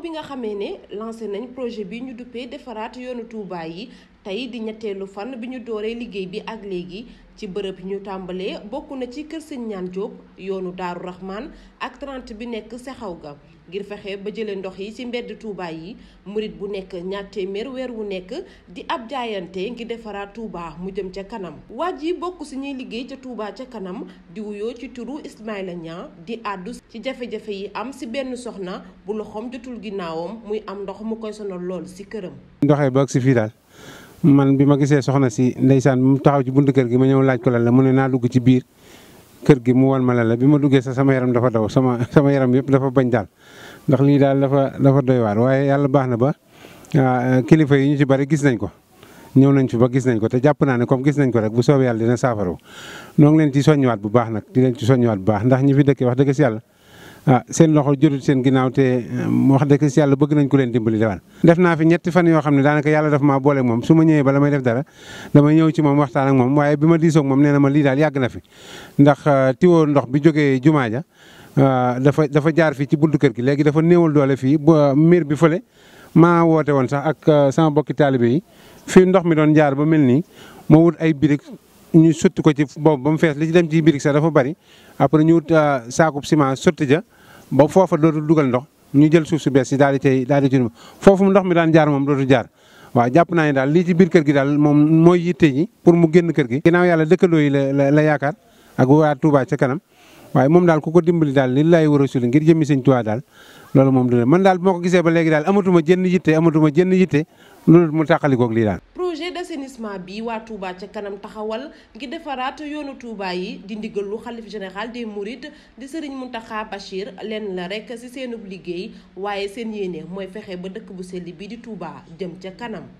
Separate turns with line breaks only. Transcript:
bi nga xamee ne lancé nañ projet bi ñu duppee defaraat yoonu Touba yi tey di ñetteelu fan bi ñu dooree liggéey bi ak léegi ci bërëb yi ñu tàmbalee bokk na ci kër sëñ ñaan Diop yoonu Daaru Rahman ak 30 bi nekk sexaw ga ngir fexe ba jëlee ndox yi ci mbedd Touba yi murit bu nekk ñaar téeméer weer wu nekk di ab jaayante ngir defaraat Touba mu jëm ca kanam. waa ji bokk si ñuy liggéey ca Touba ca kanam di wuyoo ci turu Ismaïla Niang di àddu ci jafe-jafe yi am si benn soxna bu loxoom jotul ginnaawam muy am ndox mu koy sonal lool si këram.
man bi ma gisee soxna si ndeysaan mu taxaw ci buntu kër gi ma ñëw laaj ko lan la mu ne naa dugg ci biir kër gi mu wan ma lan la bi ma duggee sax sama yaram dafa daw sama sama yaram yëpp dafa bañ daal ndax lii daal dafa dafa doy waar waaye yàlla baax na ba ah, kilifa yi ñu ci bare gis nañ ko ñëw nañ fi ba gis nañ ko te jàpp naa ne comme gis nañ ko rek bu soobee yàlla dina saafaro noo ngi leen ci soññiwaat bu baax nag di leen ci soññiwaat bu baax ndax ñi fi dëkkee wax dëgg si yàlla ah seen loxo jotul seen ginnaaw te eh, wax dëgg si yàlla bëgg nañ ko leen dimbali dewaan def naa fi ñetti fan yoo xam ne daanaka yàlla daf maa booleeg moom su ma ñëwee bala may def dara damay ñëw ci moom waxtaan ak moom waaye bi ma diisoog moom nee na ma lii daal yàgg na fi ndax ah, tiwo ndox bi jógee jumaa ja ah, dafa dafa jaar fii ci buntu kër gi léegi dafa néewal doole fii ba miir bi fële maa woote woon sax ak ah, sama bokki taalibe yi fii ndox mi doon jaar ba mel nii ñu sotti ko ci boobu ba mu fees li ci dem ci biir sax dafa bari après ñu wut euh, saakub ciment sotti ja ba foofa dootul dugal ndox ñu jël suuf su bees si daal di cay daal di foofu ndox mi daan jaar moom dootul jaar. waaw jàpp naa ne daal lii ci biir kër gi daal moom mooy yitte yi pour mu génn kër gi. ginnaaw yàlla dëkkandoo la la ak waa Touba ca kanam waaye moom daal ku ko dimbali daal li lay war a suli ngir jëmmi sëñ Touba daal loolu moom dina man daal bu ko gisee ba léegi daal amatuma jënn yitte amatuma jënn yitte loolu mu tàqalikoog lii daal
projet de d'assainissement bi waa Touba ca kanam taxawal ngi defaraat yoonu Touba yi di ndigal xalif général de murit di Serigne Mountakha Bachir lenn la rek ci seenub liggéey waaye seen yéene mooy fexe ba dëkk bu sell bi di Touba jëm ca kanam